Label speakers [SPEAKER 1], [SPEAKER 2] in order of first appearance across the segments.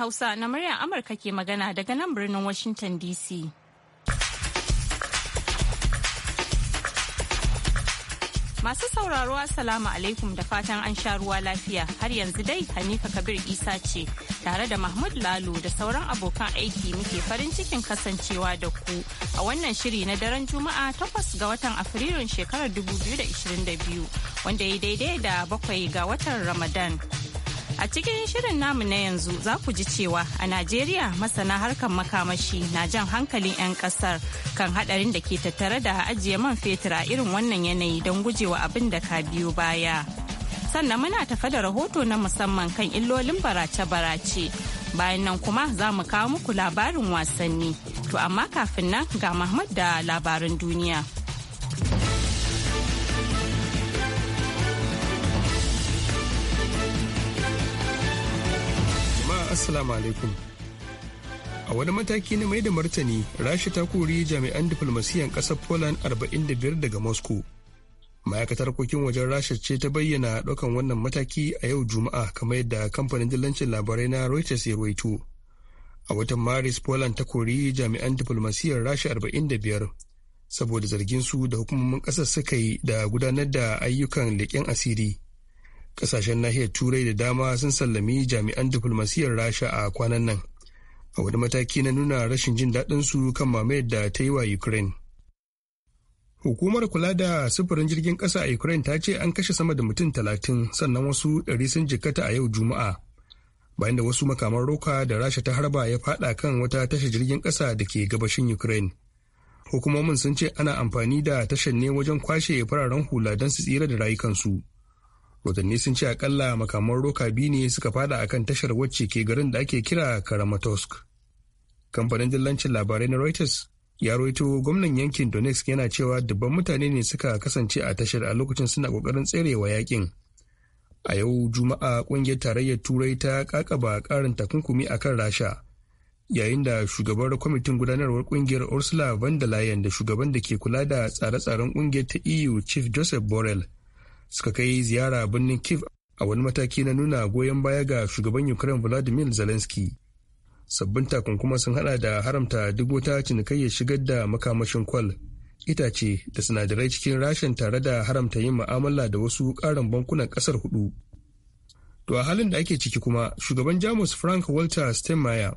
[SPEAKER 1] Hausa na muryar Amurka ke magana daga nan birnin Washington DC. Masu sauraro Assalamu alaikum da fatan an sha ruwa lafiya har yanzu dai Hanifa Kabir Isa ce tare da Mahmud Lalo da sauran abokan aiki muke farin cikin kasancewa da ku a wannan shiri na daren Juma'a takwas ga watan Afrilun shekarar 2022 wanda ya daidai da bakwai ga watan Ramadan. A cikin shirin namu na yanzu za ku ji cewa a Najeriya masana harkar makamashi na jan hankalin 'yan kasar kan hadarin da ke tattare da ajiye man fetur a irin wannan yanayi don gujewa abin da ka biyo baya. Sannan muna tafa da rahoto na musamman kan illolin barace-barace. Bayan nan kuma za mu kawo muku labarin wasanni. To amma kafin nan ga Mahmud da labarin duniya.
[SPEAKER 2] assalamu alaikum a wani mataki na mai da martani rasha ta kori jami'an diflomasiyan ƙasar poland 45 daga moscow ma'aikatar harkokin wajen rasha ce ta bayyana ɗaukan wannan mataki a yau juma'a kamar yadda kamfanin dillancin labarai na reuters ya ruwaito a watan maris poland ta kori jami'an diflomasiyyar rasha 45 saboda zargin su da hukumomin ƙasar suka yi da gudanar da ayyukan leƙen asiri kasashen nahiyar turai da dama sun sallami jami'an diflomasiyyar rasha a kwanan nan a wani mataki na nuna rashin jin daɗin su kan mamayar da ta yi wa ukraine hukumar kula da sufurin jirgin ƙasa a ukraine ta ce an kashe sama da mutum talatin sannan wasu ɗari sun jikkata a yau juma'a bayan da wasu makaman roka da rasha ta harba ya faɗa kan wata tashar jirgin ƙasa da ke gabashin ukraine hukumomin sun ce ana amfani da tashar ne wajen kwashe fararen hula don su tsira da rayukansu rotanni sun ce akalla makaman roka biyu ne suka fada akan tashar wacce ke garin da ake kira karamatosk kamfanin dillancin labarai na reuters ya roito gwamnan yankin donetsk yana cewa dubban mutane ne suka kasance a tashar a lokacin suna kokarin tserewa yakin a yau juma'a kungiyar tarayyar turai ta kakaba karin takunkumi akan rasha yayin da shugabar kwamitin gudanarwar kungiyar ursula von der leyen da shugaban da ke kula da tsare-tsaren kungiyar ta eu chief joseph borrell suka kai ziyara birnin kiev a wani mataki na nuna goyon baya ga shugaban ukraine vladimir zelensky sabbin takunkuma sun hada da haramta duk wata cinikayya shigar da makamashin kwal itace da sinadarai cikin rashin tare da haramta yin ma'amala da wasu karin bankunan kasar hudu to a halin da ake ciki kuma shugaban jamus frank walter steinmeier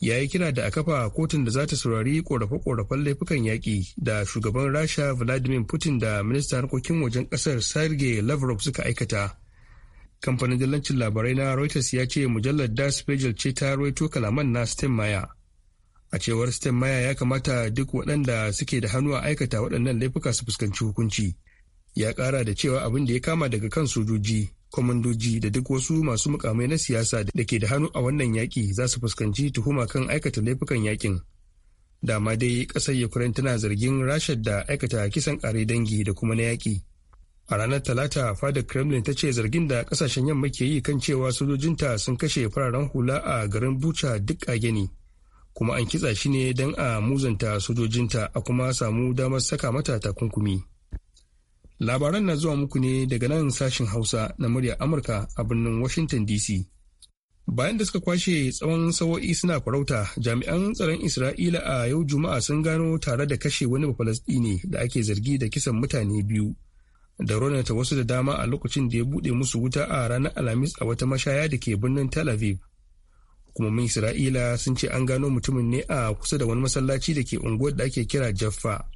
[SPEAKER 2] ya yi kira da a kafa kotun da za ta saurari korafe-korafen laifukan yaƙi da shugaban rasha vladimir putin da ministan harkokin wajen ƙasar sergei lavrov suka aikata kamfanin dillancin labarai na reuters ya ce mujallar das pagel ce ta roito kalaman na stemmaya a cewar stemmaya ya kamata duk waɗanda suke da hannu a aikata waɗannan laifuka su fuskanci hukunci ya ƙara da cewa abin da ya kama daga kan sojoji kwamandoji da duk wasu masu mukamai na siyasa da ke da hannu a wannan yaƙi za su fuskanci tuhuma kan aikata laifukan yaƙin dama dai ƙasar ukraine tana zargin rasha da aikata kisan kare dangi da kuma na yaƙi a ranar talata fadar kremlin ta ce zargin da ƙasashen yamma ke yi kan cewa sojojinta sun kashe fararen hula a garin bucha duk a gani kuma an kitsa shi ne don a muzanta sojojinta a kuma samu damar saka mata takunkumi. Labaran na zuwa muku ne daga nan sashen Hausa na muryar Amurka a birnin Washington DC. Bayan da suka kwashe tsawon sawo'i suna farauta, jami'an tsaron Isra'ila a yau Juma'a sun gano tare da kashe wani Bafalastini da ake zargi da kisan mutane biyu. Da ta wasu da dama a lokacin da ya buɗe musu wuta a ranar Alhamis a wata mashaya da ke birnin Tel Aviv. Hukumomin Isra'ila sun ce an gano mutumin ne a kusa da wani masallaci da ke unguwar da ake kira Jaffa.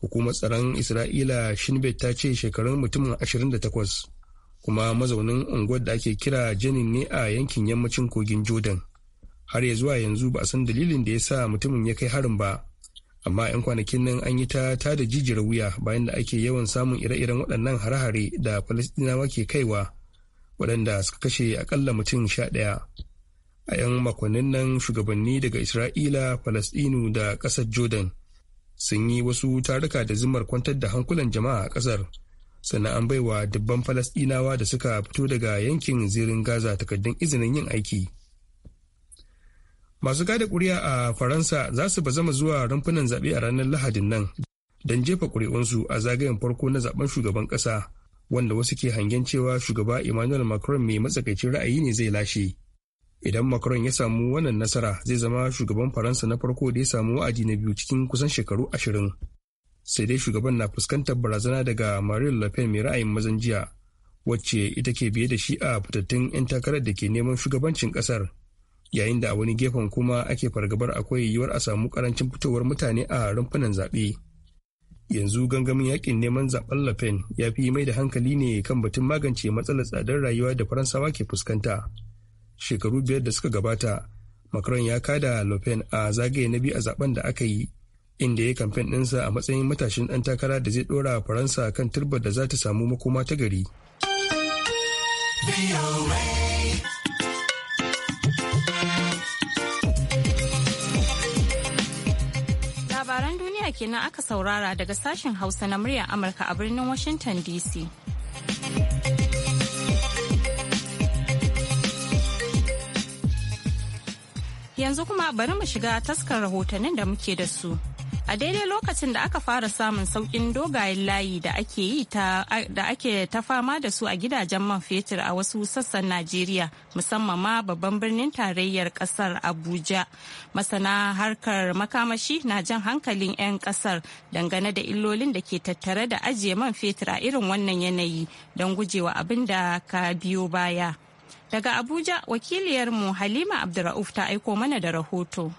[SPEAKER 2] hukumar tsaron isra'ila shinbet ta ce shekarun mutumin 28 kuma mazaunin unguwar da ake kira janin ne a yankin yammacin kogin jordan har ya zuwa yanzu ba a san dalilin da ya sa mutumin ya kai harin ba amma 'yan kwanakin nan an yi ta tada jijiyar wuya bayan da ake yawan samun ire-iren waɗannan hare-hare da falastinawa ke kaiwa waɗanda suka kashe akalla mutum sha ɗaya a 'yan makonnin nan shugabanni daga isra'ila falastinu da ƙasar jordan sun yi wasu taruka da zumar kwantar da hankulan jama'a a kasar. sannan an baiwa dubban falasɗinawa da suka fito daga yankin zirin gaza takardun izinin yin aiki masu gada kuri'a a faransa za su bazama zuwa rumfunan zaɓe a ranar lahadin nan don jefa ƙuri'unsu a zagayen farko na zaben shugaban ƙasa wanda wasu ke hangen cewa shugaba emmanuel macron mai matsakaicin ra'ayi ne zai lashe idan macron ya samu wannan nasara zai zama shugaban faransa na farko da ya samu wa'adi na biyu cikin kusan shekaru ashirin sai dai shugaban na fuskantar barazana daga marine le pen mai ra'ayin mazan jiya wacce ita ke biye da shi a fitattun 'yan takarar da ke neman shugabancin kasar yayin da a wani gefen kuma ake fargabar akwai yiwuwar a samu karancin fitowar mutane a rumfunan zaɓe yanzu gangamin yakin neman zaɓen le pen ya fi mai da hankali ne kan batun magance matsalar tsadar rayuwa da faransawa ke fuskanta shekaru biyar da suka gabata macron ya kada le pen a zagaye na biyu a zaben da aka yi inda ya kamfen ɗinsa a matsayin matashin ɗan takara da zai ɗora faransa kan turbar da za ta samu makoma ta gari
[SPEAKER 1] labaran duniya kenan aka saurara daga sashen hausa na murya amurka a birnin washington dc Yanzu kuma bari mu shiga taskar rahotannin da muke da su. A daidai lokacin da aka fara samun saukin dogayen layi da ake yi da ake ta fama da su a gidajen man fetur a wasu sassan Najeriya musamman ma babban birnin tarayyar ƙasar Abuja. Masana harkar makamashi na jan hankalin 'yan ƙasar dangane da illolin da ke tattare da ajiye man fetur a irin wannan yanayi don gujewa abin da ka biyo baya. Daga Abuja wakiliyarmu Halima Abdurrauf ta aiko mana da rahoto.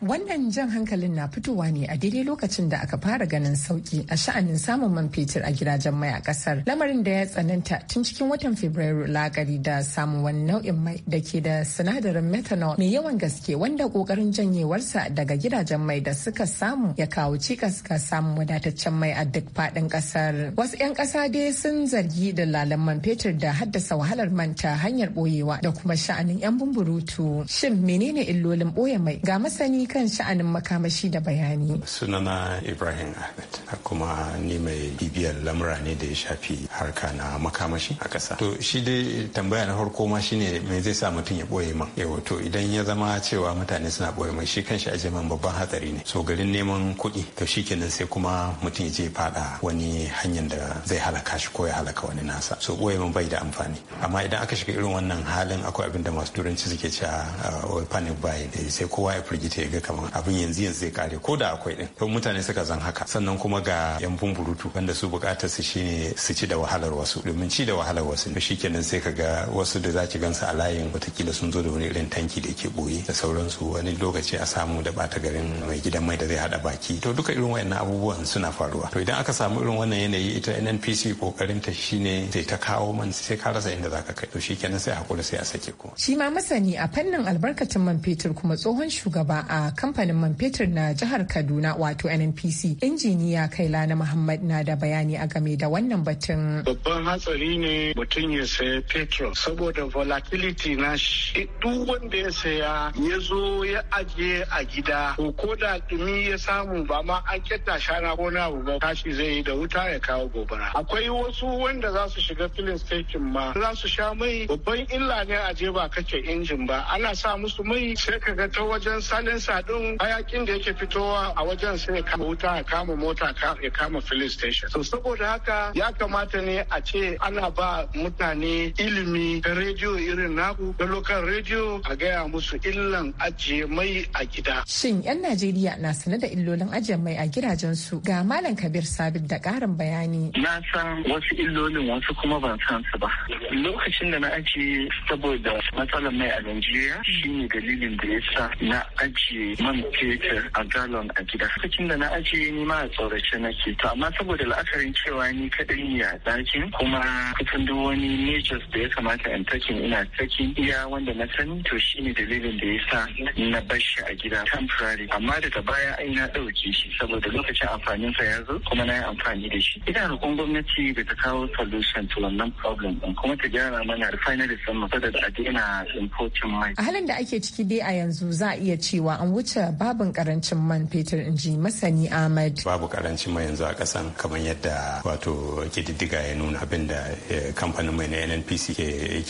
[SPEAKER 3] Wannan jan hankalin na fitowa ne a daidai lokacin da aka fara ganin sauki a sha'anin samun man fetur a gidajen mai a kasar. Lamarin da ya tsananta tun cikin watan Fabrairu lagari da samun wani nau'in mai da ke da sinadarin methanol mai yawan gaske wanda kokarin janyewarsa daga gidajen mai da suka samu ya kawo cikas ga samun wadataccen mai a duk faɗin kasar. Wasu 'yan ƙasa dai sun zargi da lalan man fetur da haddasa wahalar manta hanyar boyewa da kuma sha'anin 'yan bumburutu. Shin menene illolin boye mai ga masani kan sha'anin makamashi da bayani.
[SPEAKER 4] Sunana Ibrahim Ahmed kuma ni mai bibiyar lamura ne da ya shafi harka na makamashi a ƙasa. To shi dai tambaya na farko ma shine me zai sa mutum ya boye man. Yawa to idan ya zama cewa mutane suna boye man shi kanshi aje man babban hatsari ne. So garin neman kuɗi to shi kenan sai kuma mutum ya je faɗa wani hanyar da zai halaka shi ko ya halaka wani nasa. So boye man bai da amfani. Amma idan aka shiga irin wannan halin akwai abin da masu turanci suke cewa wai ah, panic buying eh, sai kowa ya firgita ya ga ga kamar abin yanzu yanzu zai kare ko da akwai din to mutane suka zan haka sannan kuma ga yan bumburutu wanda su bukatar su shine su ci da wahalar wasu domin ci da wahalar wasu to shikenan sai ka ga wasu da zaki gansu a layin watakila sun zo da wani irin tanki da yake boye da sauransu wani lokaci a samu da bata garin mai gidan mai da zai hada baki to duka irin wayannan abubuwan suna faruwa to idan aka samu irin wannan yanayi ita NNPC kokarin ta shine sai ta kawo man sai ka rasa inda zaka kai to shikenan sai hakuri sai a sake
[SPEAKER 3] ku shi ma masani a fannin albarkatun man fetur kuma tsohon shugaba a kamfanin man fetur na jihar Kaduna wato NNPC injiniya Kailana Muhammad na da bayani a game da wannan batun.
[SPEAKER 5] Babban hatsari ne mutum ya saya fetur saboda volatility na shi duk wanda ya saya ya zo ya ajiye a gida Koko ko da dumi ya samu ba ma an kyatta shana ko na ba tashi zai yi da wuta ya kawo gobara. Akwai wasu wanda za su shiga filin stakin ma za su sha mai babban illa ne a je ba kake injin ba ana sa musu mai sai ka ga ta wajen salinsa haɗin hayakin da yake fitowa a wajen sai ya kama wuta ya kama mota ya kama filin station. So saboda haka ya kamata ne a ce ana ba mutane ilimi da rediyo irin naku da lokal rediyo a gaya musu illan ajiye mai a gida.
[SPEAKER 3] Shin 'yan Najeriya na sane da illolin ajiye mai a gidajensu ga Malam Kabir Sabit da ƙarin bayani.
[SPEAKER 5] Na san wasu illolin wasu kuma ban san su ba. Lokacin da na ajiye saboda matsalar mai a Najeriya shi ne dalilin da ya sa na ajiye ajiye man fetur a galon a gida lokacin da na ajiye ni ma a tsorace nake to amma saboda la'akarin cewa ni kadai ne a ɗakin kuma kusan duk wani measures da ya kamata in takin ina takin iya wanda na sani to shi ne dalilin da ya sa na bar shi a gida temporary amma daga baya ai na ɗauke shi saboda lokacin amfanin sa ya zo kuma na yi amfani da shi ina roƙon gwamnati da ta kawo solution to wannan problem ɗin kuma ta gyara mana refinery sun mu saboda a daina importing mai
[SPEAKER 3] a halin da ake ciki dai a yanzu za a iya cewa an wuce babin karancin man fetur in ji masani ahmad
[SPEAKER 4] babu karancin mai yanzu a kasan kamar yadda wato kididdiga ya nuna abin da eh, kamfanin mai na nnpc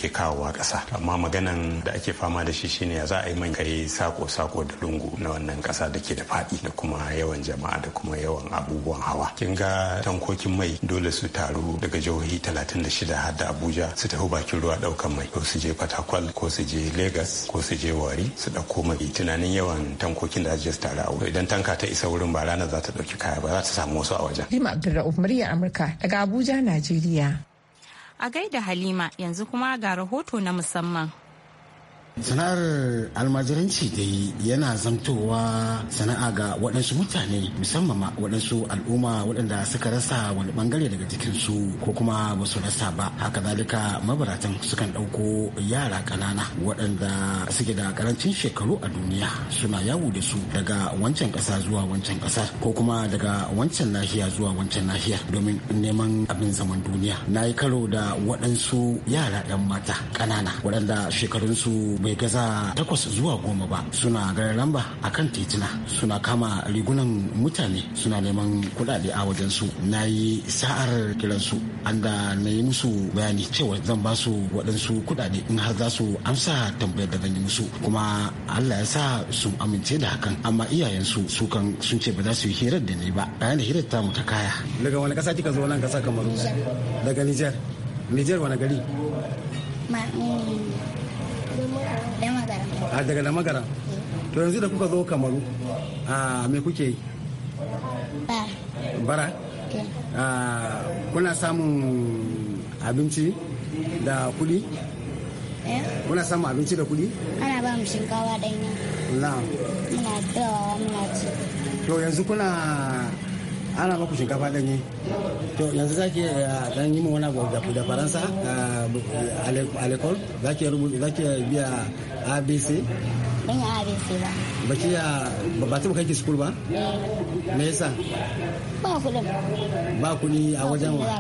[SPEAKER 4] ke kawowa kasa amma maganan da ake fama da shi shine za a yi man kai sako-sako da lungu na wannan kasa da ke da faɗi da kuma yawan jama'a da kuma yawan abubuwan hawa kin ga tankokin mai dole su taru daga jihohi 36 har da abuja su tafi bakin ruwa ɗaukan mai ko su je fatakwal ko su je lagos ko su je wari su ɗauko mai tunanin yawan tankokin da zai su tare a idan tanka ta isa wurin ba ranar za ta dauki kaya ba za ta samu wasu a wajen.
[SPEAKER 3] Halima Abdulra'uf muryar Amurka daga Abuja, Najeriya.
[SPEAKER 1] A gaida Halima yanzu kuma ga rahoto na musamman.
[SPEAKER 6] sana'ar almajiranci dai yana zamtowa sana'a ga waɗansu mutane musamman ma waɗansu al'umma waɗanda suka rasa wani bangare daga jikinsu ko kuma ba su rasa ba haka zalika mabaratan sukan ɗauko yara ƙanana waɗanda suke da ƙarancin shekaru a duniya suna yawo da su daga wancan ƙasa zuwa wancan ƙasar ko kuma daga wancan nahiya zuwa wancan nahiya domin neman abin zaman duniya na yi karo da waɗansu yara 'yan mata ƙanana waɗanda shekarunsu bai bai gaza takwas zuwa goma ba suna garin lamba a kan titina suna kama rigunan mutane suna neman kudade a wajensu na yi sa'ar kiransu an da na yi musu bayani cewa zan ba su waɗansu kudade in har za su amsa tambayar da zan yi musu kuma allah ya sa sun amince da hakan amma iyayensu su kan sun ce ba za su yi hirar da ni ba bayan da hirar mu ta kaya daga wani ƙasa kika zo nan ƙasa kamar daga nijar nijar wani gari
[SPEAKER 7] mm.
[SPEAKER 6] Ah, daga da magara to yanzu da kuka zo kamaru a ah, me kuke yi bara ah, kuna samun abinci da kuɗi eh? kuna samun abinci da kuɗi
[SPEAKER 7] ana ba mu shinkawa ɗanya na'am muna dawa muna ci
[SPEAKER 6] to yanzu kuna ana maku shinkafa ɗanye to yanzu za ki dan yi mu wani abu da faransa a eh, lekol za ki biya abc
[SPEAKER 7] ban yi abc ba
[SPEAKER 6] ba ki ya ba ta kai ki school ba
[SPEAKER 7] eh. me yasa ba kudin ba
[SPEAKER 6] kudi a wajen wa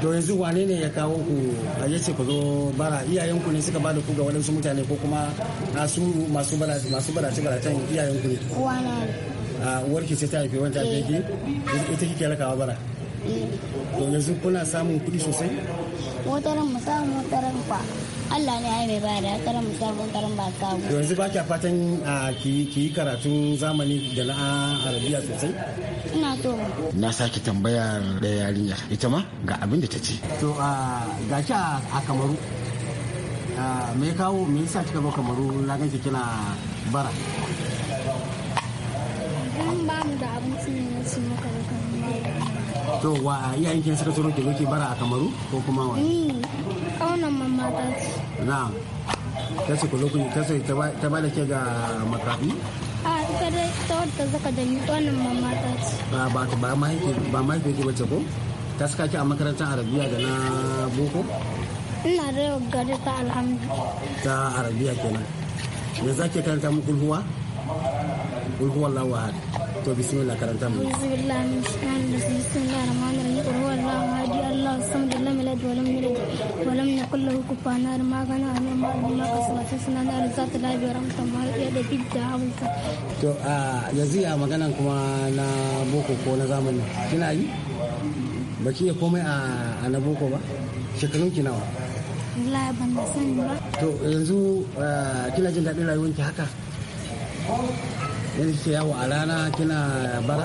[SPEAKER 6] to yanzu wane ne ya kawo ku a yace ku zo bara iyayen ku ne suka bada ku ga wadansu mutane ko kuma nasu masu barace masu barace baracen iyayen ku ne uwana a warki ce ta haife wanda ta haife eh. ita kike rakawa bara eh. to yanzu kuna samun kudi sosai
[SPEAKER 7] wataran mu samu wataran kwa Allah ne ai mai da karam sarkon karam ba kawo yanzu
[SPEAKER 6] ba kya fatan ki yi karatun zamani da na arabiya sosai ina to. na sake tambayar da yarinya ita ma ga abin da ta ce to ga ki a kamaru me kawo me yasa kika zo kamaru na ganki kina bara
[SPEAKER 7] dan ba mu da abinci ne na ci muka kamaru
[SPEAKER 6] to wa iyayen kin saka tsoron ki zo ki bara a kamaru ko kuma wa
[SPEAKER 7] kauna mama mamma ta
[SPEAKER 6] na'am ta ce ku ta ce ta ba da ke ga makafi
[SPEAKER 7] a ita dai ta wadda zaka da ni ta ce
[SPEAKER 6] ba ba ba ba mahaifi ki bace ko ta saka ki a makarantar arabiya da na boko
[SPEAKER 7] ina da yau gari ta alhamdu
[SPEAKER 6] ta arabiya kenan yanzu ake karanta mu kulhuwa kul huwallahu ahad to bismillah karanta mu
[SPEAKER 7] bismillah bismillah rahman rahim kul huwallahu ahad allah samad lam yalid wa lam yulad wa lam yakul lahu kufuwan ahad ma kana an ma ma kasabata sunan da zat da bi rahmatullahi ya da bidda hausa to a
[SPEAKER 6] yanzu ya maganan kuma na boko ko na zamani kina yi ba ki komai a na boko ba shekarun ki nawa
[SPEAKER 7] wallahi ban sani ba
[SPEAKER 6] to yanzu kina jin daɗin rayuwanki haka yin yawo a rana kina bara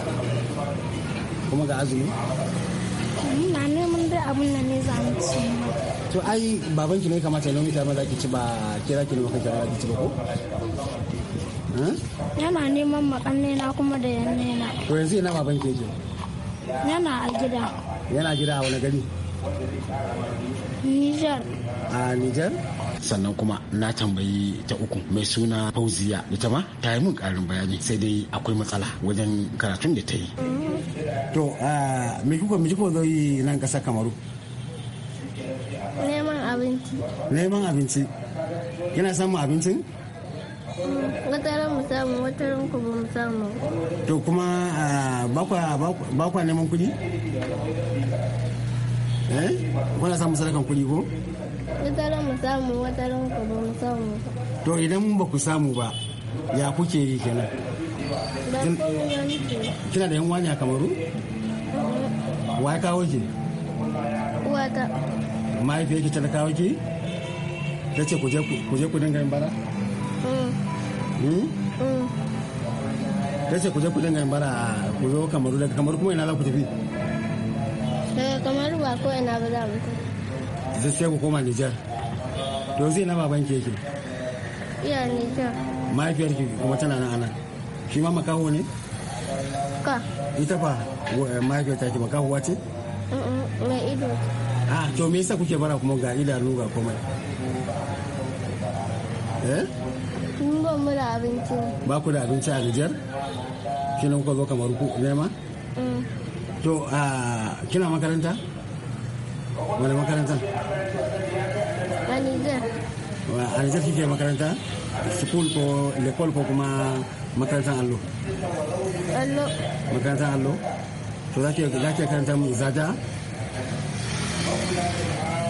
[SPEAKER 6] kuma ga azumi
[SPEAKER 7] na neman dai abun nan ne za mu ci
[SPEAKER 6] to ai babanki ne kamata ya nomi ma za ki ci ba kira ki ne maka kira ki ci ba ko hmm?
[SPEAKER 7] yana neman makanne na kuma da yanne na
[SPEAKER 6] to yanzu ina babanki yake
[SPEAKER 7] yana a gida
[SPEAKER 6] yana gida a wani gari Nijar. A Nijar? Sannan kuma na tambayi ta uku mai suna Fauziya ita ma ta yi mun ƙarin bayani sai dai akwai matsala wajen karatun da ta yi. To, me kuka me kuka zo yi nan kasa Kamaru?
[SPEAKER 1] Neman abinci.
[SPEAKER 6] Neman abinci. Yana samun abincin?
[SPEAKER 2] wataran mu samu wataran ku ba mu samu
[SPEAKER 6] to kuma ba kwa neman kuɗi eh kuna samun sadakan kuɗi ko
[SPEAKER 1] ran mu samu wata ran ka ba mu samu
[SPEAKER 6] to idan ba ku samu ba ya kuke yi kenan kina da yan wani a kamaru wai kawo ki uwata mahaifiyar ki ta kawo ki mm. hmm? mm. ta ce ku je ku dinga yin bara ta ce ku je ku dinga yin bara ku zo kamaru daga kamaru kuma ina za ku tafi
[SPEAKER 1] daga eh, kamar ba ko ina ba za mu
[SPEAKER 6] tafi sai ku koma Nijar to zai na baban ke yake
[SPEAKER 1] iya Nijar
[SPEAKER 6] mahaifiyar ki kuma tana nan anan shi ma makaho ne ka ita fa mahaifiyar ta ki makahuwa ce mai ido a to me yasa kuke bara kuma ga idanu ga komai eh
[SPEAKER 1] mun ba mu da abinci
[SPEAKER 6] ba ku da abinci a Nijar kina kuka zo kamar ku nema to kina makaranta wani makaranta
[SPEAKER 1] a Nijar
[SPEAKER 6] kike makaranta school ko lekol ko kuma makarantar allo allo makarantar allo to za ki karanta mu zaja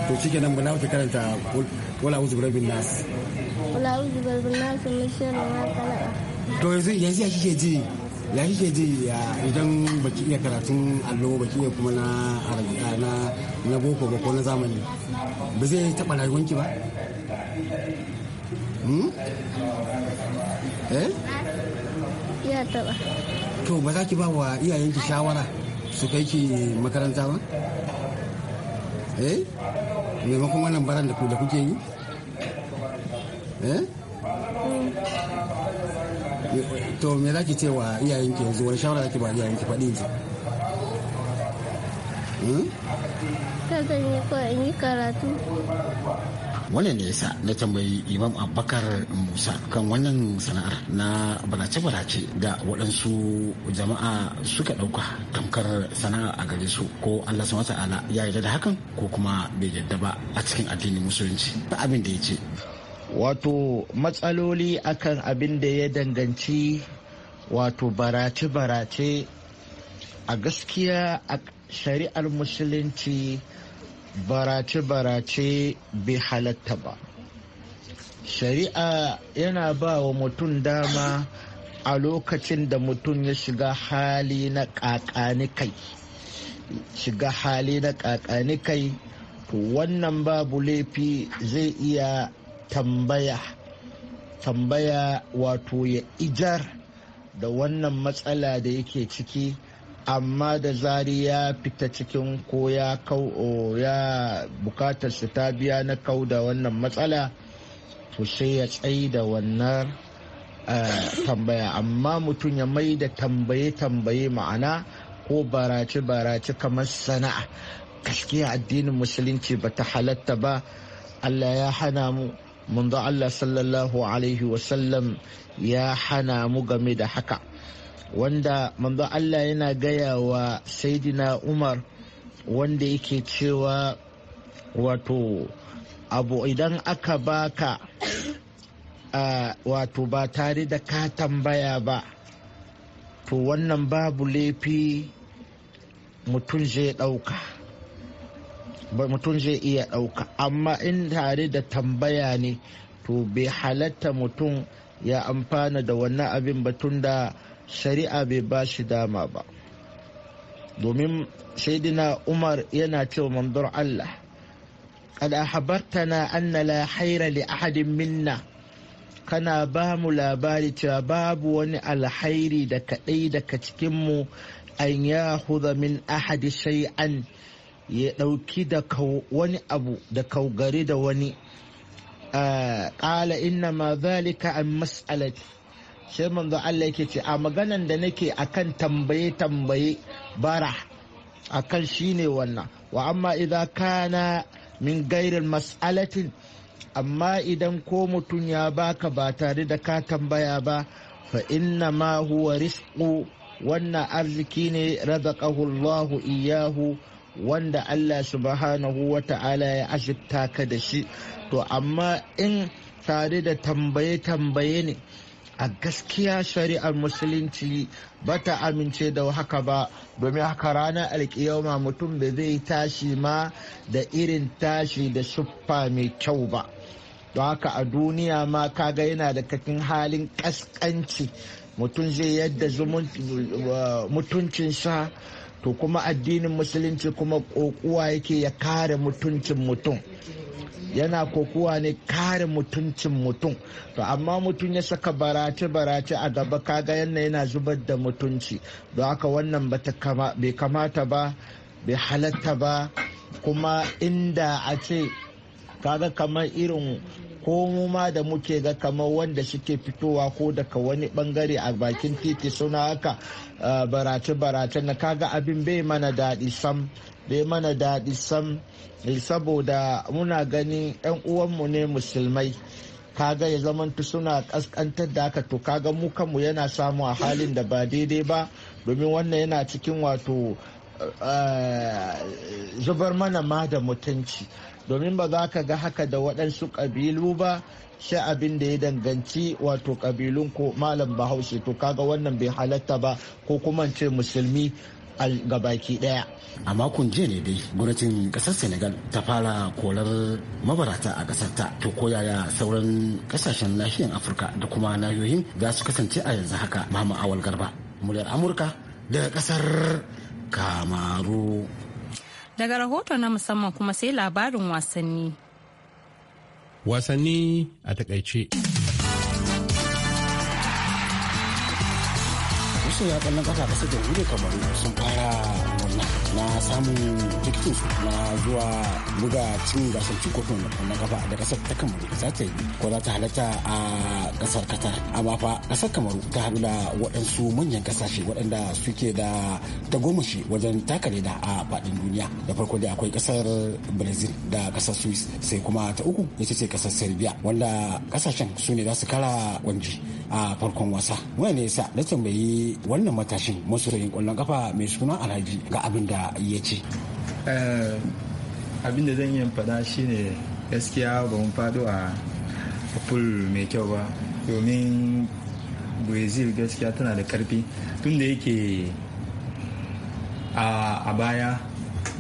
[SPEAKER 6] to shi kenan ba na wuce karanta wala uzu bin
[SPEAKER 1] nas wala wuzu birabin nas mun shirin ma kala
[SPEAKER 6] to yanzu yanzu ya kike ji ya kike ji idan baki iya karatun allo baki iya kuma na na na boko ba ko na zamani ba zai taɓa rayuwanki ba hmm? eh ya taba. to ba za ki ba wa iyayenki shawara su kai ki makaranta ba eh maimakon wannan baran da kuke yi eh to me za ki ce wa iyayenki yanzu wani shawara zaki ba iyayenki faɗi yanzu hmm? wannan ne yasa na tambayi imam abubakar musa kan wannan sana'ar na barace-barace da waɗansu jama'a suka ɗauka tamkar sana'a a gare su ko allah Sama ya yarda da hakan ko kuma bai yarda ba a cikin addinin musulunci ta abin da ya ce
[SPEAKER 5] wato matsaloli akan abin da ya danganci wato barace-barace a gaskiya a shari'ar musulunci barace-barace bai halatta ba shari'a yana ba wa mutum dama a lokacin da mutum ya shiga hali na kakani kai shiga hali na kakani kai wannan babu laifi zai iya tambaya tambaya wato ya ijar da wannan matsala da yake ciki amma da zari ya fita cikin ko ya bukatar su ta biya na kau da wannan matsala to sai ya tsayi da wannan eh, tambaya amma mutum ya mai da tambaye-tambaye ma'ana ko barace-barace kamar sana'a gaskiya addinin musulunci ba ta halatta ba allah ya hana mu manzo Allah sallallahu alaihi wasallam ya hana mu game da haka wanda manzo Allah yana gaya wa saidina Umar wanda yake cewa wato abu idan aka baka uh, wato ba tare da ka tambaya ba to wannan babu laifi mutum zai ɗauka. mutum zai iya ɗauka amma in tare da tambaya ne to bai halatta mutum ya amfana da wannan abin batun da shari'a bai ba shi dama ba domin shaidina umar yana cewa manzon allah قد أخبرتنا أن لا خير ahadin minna kana ba mu labari cewa babu wani alhairi da kaɗai daga cikinmu an ya min ahadi an. ya ɗauki da wani abu da kaugari da wani ah, ƙala inna ma zalika an mas'alat sai manzo Allah yake ce a maganan da nake akan tambaye tambaye bara akan ne wannan wa amma idza kana min gairin mas'alatin amma idan ko mutum ya baka ba tare da ka tambaya ba fa inna ma huwa rizqu wannan arziki ne razaqahu Allahu iyahu wanda Allah subhanahu wa ta'ala ya azurta ka da shi to amma in tare da tambaye-tambaye ne a gaskiya shari'ar musulunci ba ta amince da haka ba domin haka ranar alkiyama mutum ba zai tashi ma da irin tashi da siffa mai kyau ba don haka a duniya ma kaga yana da kakin halin kaskanci mutum zai yadda mutuncinsa to kuma addinin musulunci kuma kokuwa yake ya kare mutuncin mutum yana kokuwa ne kare mutuncin mutum to amma mutum ya saka barace-barace a gaba kaga yana yana zubar da mutunci don haka wannan bai kamata ba bai halatta ba kuma inda a ce kaga kamar irin ko mu ma da muke ga kamar wanda suke fitowa ko daga wani bangare a bakin titi suna haka uh, barace-barace na kaga abin bai mana daɗi sam bai mana daɗi sam eh, saboda muna gani 'yan uwanmu ne musulmai kaga ya zamantu suna kaskantar da haka to kaga mu kanmu yana samu a halin da ba daidai ba domin wannan yana cikin wato uh, zubar mana ma da mutunci domin ba za ka ga haka da waɗansu ƙabilu ba shi abin da ya danganci wato ƙabilun ko malam bahaushe to kaga wannan bai halatta ba ko kuma ce musulmi ga baki ɗaya.
[SPEAKER 6] A makon jiya ne dai gwamnatin ƙasar Senegal ta fara korar mabarata a ƙasar ta to ko yaya sauran ƙasashen nahiyar Afirka da kuma nahiyoyin za su kasance a yanzu haka Muhammad Awal Garba muryar Amurka daga ƙasar Kamaru.
[SPEAKER 7] daga
[SPEAKER 1] rahoto na musamman kuma sai labarin wasanni
[SPEAKER 6] wasanni a takaice masoya kwallon kafa kasar jamhuriyar kamaru sun fara na samun tikitin na zuwa buga cin gasar cin kofin na kafa da kasar ta kamaru za ta yi ko za ta halatta a kasar qatar amma fa kasar kamaru ta haɗu da waɗansu manyan kasashe waɗanda suke da tagomashi wajen taka da a faɗin duniya da farko da akwai kasar brazil da kasar swiss sai kuma ta uku ita ce kasar serbia wanda kasashen su ne za su kara kwanji a farkon wasa wani ne sa na tambayi wannan matashin masu masoyin ƙwallon kafa mai suna alhaji ga abin da abinda ya ce eh, abin zan yi fada shine gaskiya ba mu fado a
[SPEAKER 8] pool mai kyau ba domin brazil gaskiya tana da karfi tun da yake a baya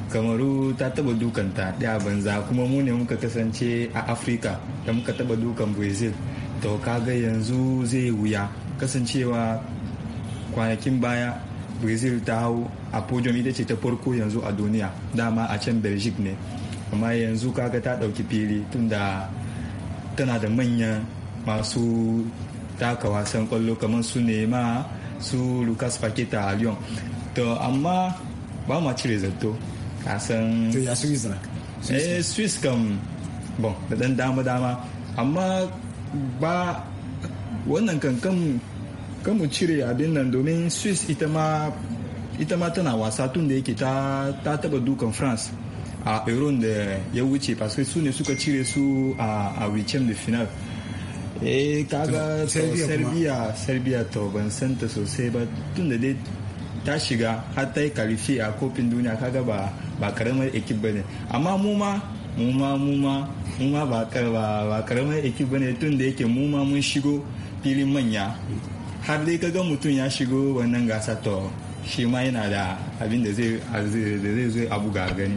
[SPEAKER 8] kamaru ta taba dukanta daya banza kuma mu ne muka kasance a afirka da muka taba dukan brazil to kaga yanzu zai wuya kasancewa kwanakin baya brazil ta hau a podium ita ce ta farko yanzu a duniya dama a can belgique ne amma yanzu kaga ta dauki fili tunda tana da manyan masu taka wasan kwallo kamar su nema su lucas paqueta a lyon to amma ba ma cire zato kasan eh swiss kam bon da dan dama dama amma ba wannan kankan kan mu cire abin nan domin swiss ita ma tana wasa tun da yake ta taba dukan france a euron da ya wuce parce su ne suka cire su a wicem da final eh kaga serbia serbia to ban san ta sosai ba tun da dai ta shiga har ta yi a kofin duniya kaga ba ba karamar ekip ba ne amma mu ma mu ma mu ma mu ma ba karamar ekip ba ne tun da yake mu ma mun shigo filin manya har dai kaga mutum ya shigo wannan gasa to shi ma yana da abin da zai zo a buga gani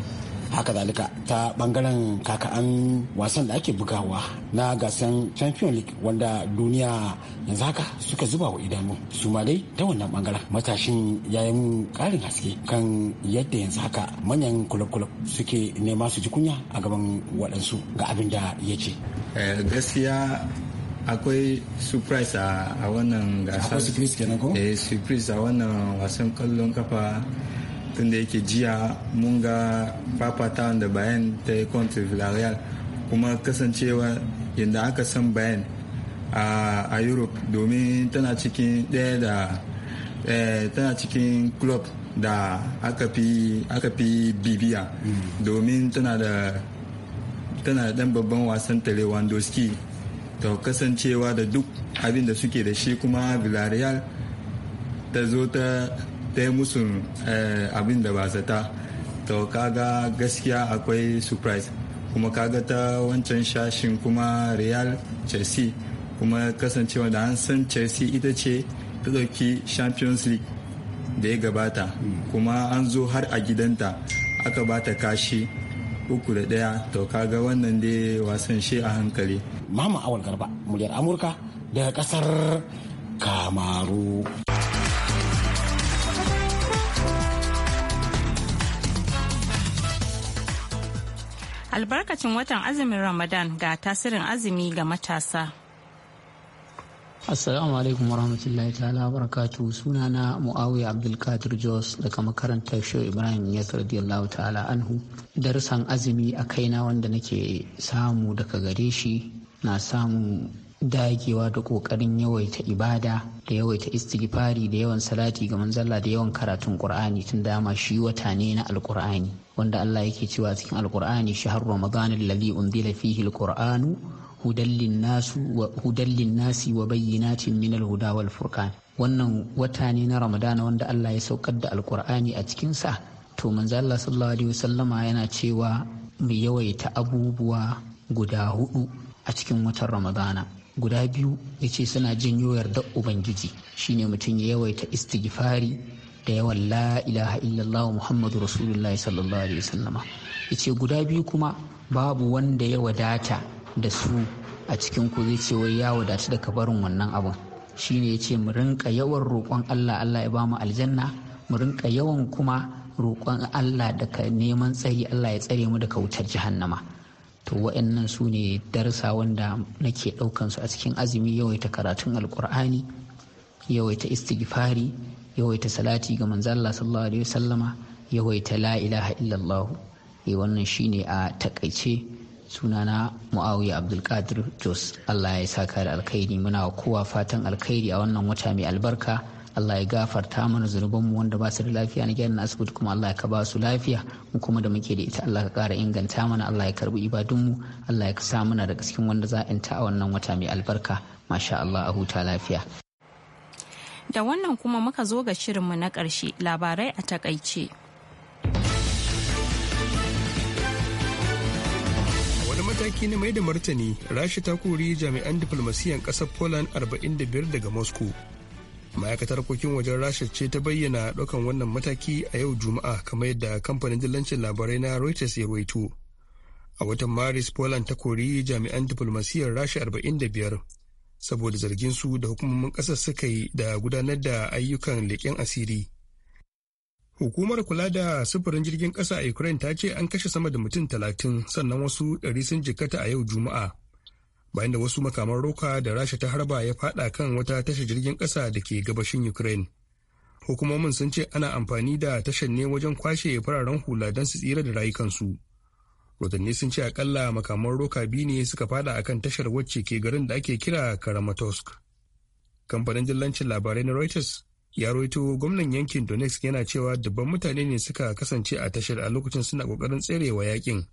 [SPEAKER 6] haka zalika ta bangaren kakaan wasan da ake bugawa na gasan champion league wanda duniya yanzu haka suka zuba wa idanu su ma dai ta wannan bangaren matashin yayin karin haske kan yadda yanzu haka manyan kulab-kulab suke nema su ji kunya a gaban waɗansu ga abin da ya ce eh, gaskiya akwai surprise a wannan
[SPEAKER 8] gasa surprise
[SPEAKER 6] eh surprise
[SPEAKER 8] a wannan wasan kallon kafa tunda yake jiya mun ga papa town da bayan ta yi contra villarreal kuma kasancewa yadda aka san bayan a europe domin tana cikin daya da eh, tana cikin club da aka fi bibiya mm. domin tana da tana da dan babban wasan tare wando ski to kasancewa da duk abin da suke da shi kuma villarreal ta zo ta ta yi musu eh, abin da ba zata to kaga gaskiya akwai surprise kuma kaga ta wancan shashin kuma real chelsea kuma kasancewa da an san chelsea ita ce ta dauki champions league da ya gabata kuma an zo har a gidanta aka bata kashi uku da ɗaya to kaga wannan dai wasan shi a hankali mama awal
[SPEAKER 6] garba muryar amurka daga kasar kamaru
[SPEAKER 1] albarkacin watan azumin ramadan ga tasirin azumi ga matasa
[SPEAKER 7] assalamu alaikum warahmatullahi ta'ala barakatu suna na muawiya abdulkadir jos daga makarantar shehu ibrahim ya radiyallahu ta'ala anhu darsan azumi a kaina wanda nake samu daga gare shi na samun dagewa da kokarin yawaita ibada da yawaita istighfari da yawan salati ga manzalla da yawan karatun qur'ani tun dama shi wata ne na alqur'ani wanda Allah yake cewa cikin alqur'ani shahar ramadan alladhi unzila fihi alqur'anu hudan linnasi wa bayyinatin min alhuda wal furqan wannan wata ne na ramadana wanda Allah ya saukar da alqur'ani a cikin sa to manzo Allah sallallahu alaihi wasallama yana cewa mu yawaita abubuwa guda hudu a cikin watan ramadana guda biyu ya ce suna janyo yarda ubangiji shine mutum ya yawaita istighfari da yawan La'ilaha ilaha illallah muhammadu rasulullahi sallallahu alaihi wasallama ya ce guda biyu kuma babu wanda ya wadata da su a cikin ku zai ce wai ya wadata da kabarin wannan abun shine ya ce mu rinka yawan roƙon allah allah ya bamu aljanna mu rinka yawan kuma roƙon allah daga neman tsari allah ya tsare mu daga wutar jahannama to wa'annan su ne darsa wanda nake su a cikin azumi yawaita karatun alkur'ani yawaita istighfari yawaita salati ga manzalla sallallahu alaihi wasallama yawaita la ilaha illallah eh wannan shine a takaice sunana muawiya abdulkadir jos allah ya saka da alkhairi muna kowa fatan alkhairi a wannan wata mai albarka Allah ya gafarta mana zunubanmu wanda ba su da lafiya na na asibiti kuma Allah ya ka ba su lafiya mu kuma da muke da ita Allah ka ƙara inganta mana Allah ya karbi ibadunmu Allah ya sa mana da cikin wanda za a yanta a wannan wata mai albarka masha Allah a huta lafiya
[SPEAKER 1] da wannan kuma muka zo ga shirin mu na karshe labarai a takaice.
[SPEAKER 2] wani mataki na mai da martani rashi ta kori jami'an diflomasiyan ƙasar poland 45 daga moscow ma'aikatar harkokin wajen rasha ce ta bayyana ɗaukan wannan mataki a yau juma'a kamar yadda kamfanin dillancin labarai na reuters ya a watan maris poland ta kori jami'an diflomasiyyar rasha biyar saboda zargin su da hukumomin ƙasar suka yi da gudanar da ayyukan leƙen asiri hukumar kula da sufurin jirgin ƙasa a ukraine ta ce an kashe sama da mutum talatin sannan wasu 100 sun jikkata a yau juma'a bayan da wasu makaman roka da rasha ta harba ya fada kan wata tashar jirgin kasa da ke gabashin ukraine hukumomin sun ce ana amfani da tashar ne wajen kwashe fararen hula don su tsira da rayukansu rotanni sun ce akalla makaman roka biyu ne suka fada akan tashar wacce ke garin da ake kira karamatosk kamfanin jallancin labarai na reuters ya roito gwamnan yankin donetsk yana cewa dubban mutane ne suka kasance a tashar a lokacin suna kokarin tserewa yakin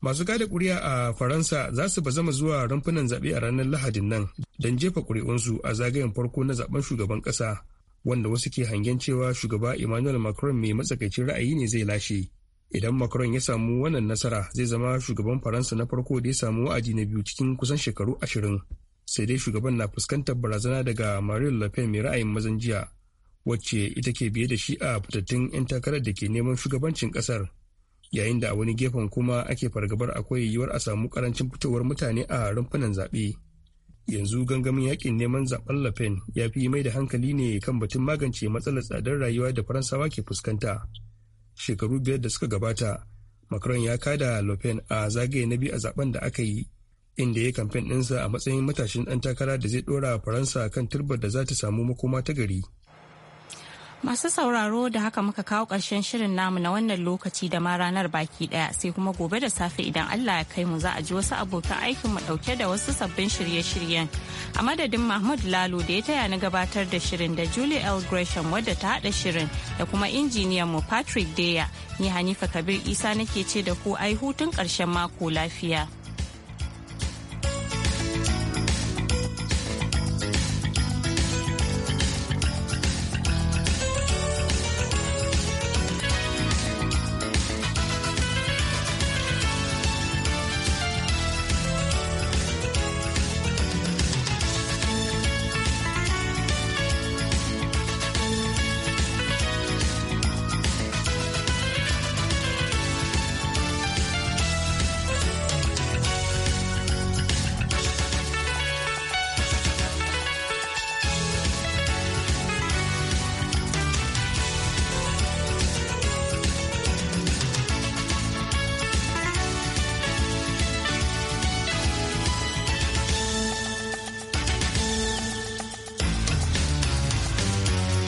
[SPEAKER 2] masu gada kuri'a a faransa za su bazama zuwa rumfunan zaɓe a ranar lahadin nan don jefa kuri'unsu a zagayen farko na zaben shugaban ƙasa wanda wasu ke hangen cewa shugaba emmanuel macron mai matsakaicin ra'ayi ne zai lashe idan macron ya samu wannan nasara zai zama shugaban faransa na farko da ya samu wa'adi na biyu cikin kusan shekaru ashirin sai dai shugaban na fuskantar barazana daga marine le pen mai ra'ayin mazan jiya wacce ita ke biye da shi a fitattun 'yan takarar da ke neman shugabancin kasar yayin da a wani gefen kuma ake fargabar akwai yiwuwar a samu karancin fitowar mutane a rumfunan zaɓe. Yanzu gangamin yakin neman zaɓen Pen ya fi mai da hankali ne kan batun magance matsalar tsadar rayuwa da Faransawa ke fuskanta. Shekaru biyar da suka gabata, Macron ya kada Pen a zagaye na biyu a zaɓen da aka yi, inda ya kamfen ɗinsa a matsayin matashin ɗan takara da zai ɗora Faransa kan turbar da za ta samu makoma ta gari.
[SPEAKER 1] Masu sauraro da haka muka kawo ƙarshen shirin namu na wannan lokaci da ma ranar baki ɗaya sai kuma gobe da safe idan Allah ya kai mu za a ji wasu abokan aikin mu ɗauke da wasu sabbin shirye-shiryen. A madadin Mahmud Lalo da ya taya ni gabatar da shirin da Julie L. Gresham wadda ta haɗa shirin da kuma injiniyan mu Patrick Deya ni Hanifa Kabir Isa nake ce da ku ai hutun ƙarshen mako lafiya.